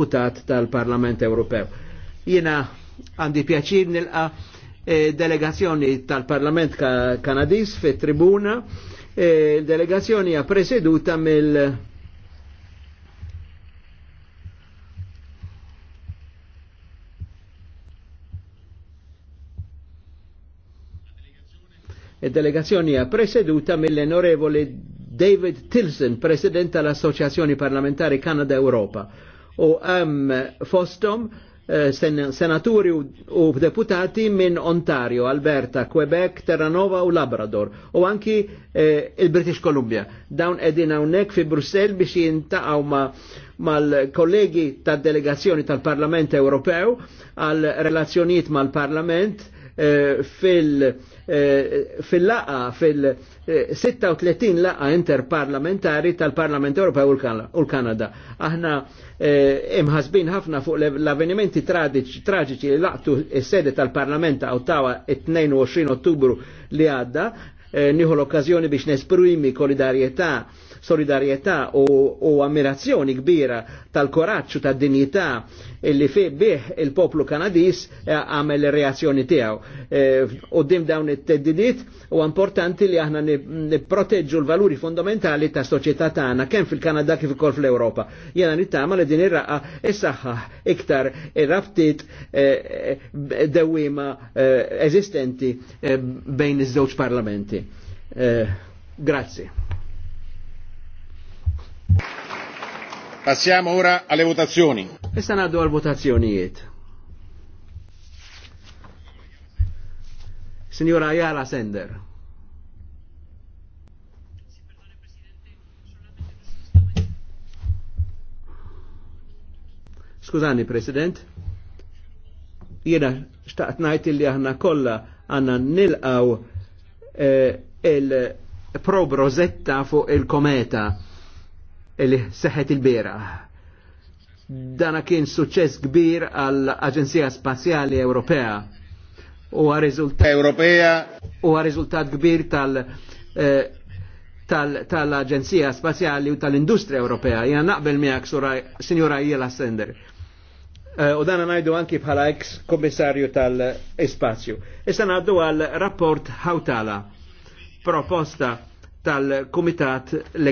deputat tal-Parlament Ewropew. Jina għandi pjaċir nilqa e, delegazzjoni tal-Parlament ka Kanadis fit tribuna eh, e, delegazzjoni ha preseduta mill Il-delegazzjoni ja ha preseduta mill-onorevole David Tilson, President tal assoċjazzjoni Parlamentari Kanada Europa u għam fostom eh, sen senaturi u deputati minn Ontario, Alberta, Quebec, Terranova u Labrador u anki eh, il-British Columbia. Dawn edin hawnhekk fi Brussel biex jintaqgħu ma mal-kollegi tad delegazzjoni tal-Parlament Ewropew għal relazzjoniet mal-Parlament Eh, eh, fil-laqa, fil-36 eh, laqa interparlamentari tal-Parlament Ewropew u l-Kanada. Aħna imħasbin ħafna fuq l-avvenimenti traġiċi li laqtu s-sede tal-Parlament Ottawa 22 Ottubru li għadda, nieħu l-okkazjoni biex nesprimi kolidarietà solidarietà u, u ammirazzjoni kbira tal-koraċċu tad-dinjità illi fih bih il-poplu Kanadis eh, għamel reazzjoni tiegħu. Eh, u dim dawn it-teddidiet u importanti li aħna nipproteġġu l-valuri fondamentali ta' soċjetà tagħna kemm fil-Kanada kif ukoll fl-Ewropa. Jiena nittama li din ir-raqqa issaħħaħ iktar ir-rabtiet eh, dewwiema eżistenti bejn iż-żewġ parlamenti. grazie. Passiamo ora alle votazioni. Issa ngħaddu għal votazzjonijiet. Signora Ayala Sender. Skużani, President. Jiena xtaqt ngħid li aħna kolla għanna nilqaw eh, il probrozetta fuq il-kometa li seħet il bira Dana kien suċess kbir għall-Aġenzija Spazjali Ewropea u għar-riżultat Ewropea u għar-riżultat kbir tal- eh, tal-Aġenzija tal Spazjali u tal industria Ewropea. Jena naqbel miegħek Sinjura Jela Sender. Eh, u dana najdu anki bħala ex komissarju tal-Espazju. Issa naddu għal rapport Hautala, proposta tal-Kumitat Legali.